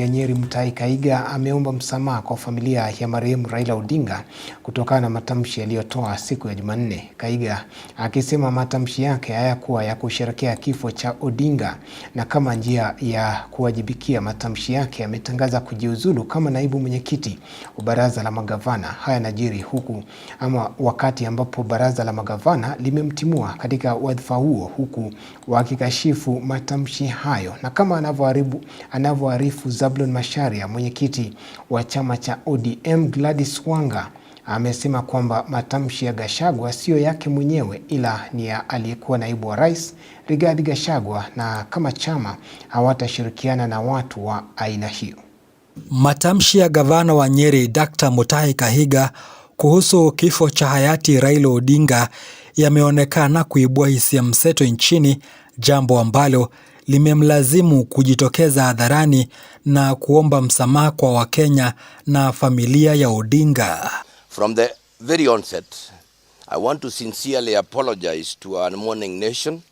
ya Nyeri Mutahi Kahiga ameomba msamaha kwa familia ya marehemu Raila Odinga kutokana na matamshi yaliyotoa siku ya Jumanne. Kahiga akisema matamshi yake hayakuwa ya kusherekea kifo cha Odinga, na kama njia ya kuwajibikia matamshi yake ametangaza kujiuzulu kama naibu mwenyekiti wa baraza la magavana. Haya najiri huku ama wakati ambapo baraza la magavana limemtimua katika wadhifa huo, huku wakikashifu matamshi hayo na kama anavyoarifu Zablon Macharia, mwenyekiti wa chama cha ODM Gladys Wanga amesema kwamba matamshi ya Gachagua siyo yake mwenyewe ila ni ya aliyekuwa naibu wa rais Rigathi Gachagua, na kama chama hawatashirikiana na watu wa aina hiyo. Matamshi ya gavana wa Nyeri Dr. Mutahi Kahiga kuhusu kifo cha hayati Raila Odinga yameonekana kuibua hisia mseto nchini, jambo ambalo limemlazimu kujitokeza hadharani na kuomba msamaha kwa Wakenya na familia ya Odinga. From the very onset, I want to sincerely apologize to our mourning nation,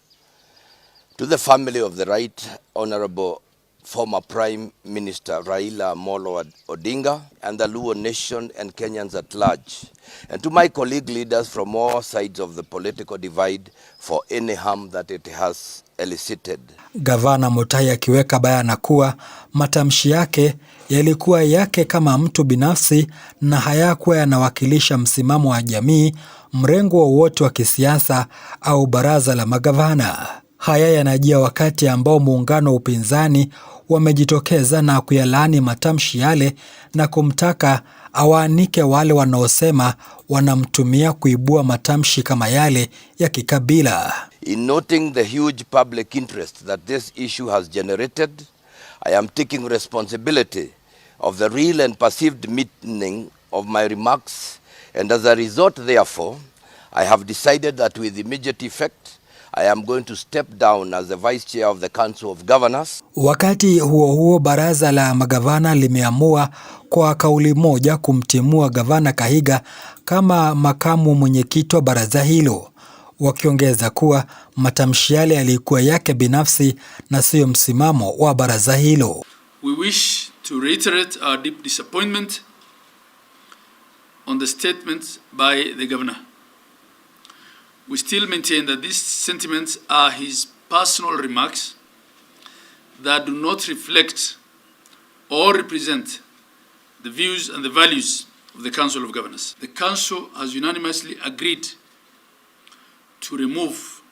to the family of the right honorable former Prime Minister Raila Molo Odinga and the Luo Nation and Kenyans at large, and to my colleague leaders from all sides of the political divide for any harm that it has elicited. Gavana Mutai akiweka bayana kuwa matamshi yake yalikuwa yake kama mtu binafsi na hayakuwa yanawakilisha msimamo wa jamii, mrengo wowote wa kisiasa au baraza la magavana. Haya yanajia wakati ambao muungano wa upinzani wamejitokeza na kuyalaani matamshi yale na kumtaka awaanike wale wanaosema wanamtumia kuibua matamshi kama yale ya kikabila. In noting the huge public interest that this issue has generated, I am taking responsibility of the real and perceived meaning of my remarks and as a result therefore I have decided that with immediate effect I am going to step down as the vice chair of the Council of Governors. Wakati huo huo, baraza la magavana limeamua kwa kauli moja kumtimua gavana Kahiga kama makamu mwenyekiti wa baraza hilo, wakiongeza kuwa matamshi yale yalikuwa yake binafsi na siyo msimamo wa baraza hilo. We wish to reiterate our deep disappointment on the statement by the governor. We still maintain that these sentiments are his personal remarks that do not reflect or represent the views and the values of the Council of Governors. The Council has unanimously agreed to remove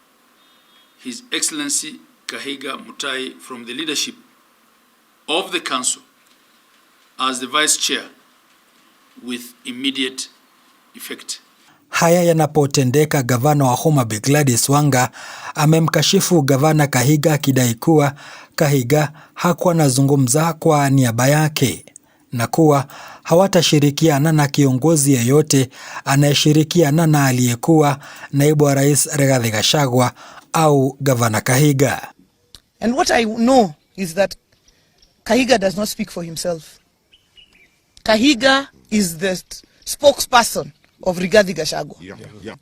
His Excellency Kahiga Mutai from the leadership of the Council as the Vice Chair with immediate effect. Haya yanapotendeka, gavana wa Homa Bay Gladys Wanga amemkashifu gavana Kahiga akidai kuwa Kahiga hakuwa anazungumza kwa niaba yake na kuwa hawatashirikiana na kiongozi yeyote anayeshirikiana na aliyekuwa naibu wa rais Rigathi Gachagua au gavana Kahiga. And what I know is that Kahiga does not speak for himself. Kahiga is the spokesperson of Rigathi Gachagua. Yeah. Yeah.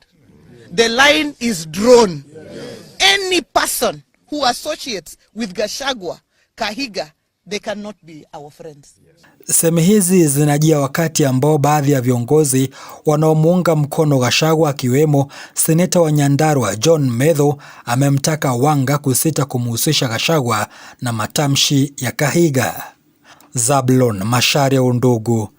The line is drawn. Yes. Any person who associates with Gachagua, Kahiga, they cannot be our friends. Semi hizi zinajia wakati ambao baadhi ya viongozi wanaomuunga mkono Gachagua akiwemo seneta wa Nyandarua John Medho amemtaka Wanga kusita kumhusisha Gachagua na matamshi ya Kahiga. Zablon Macharia, Undugu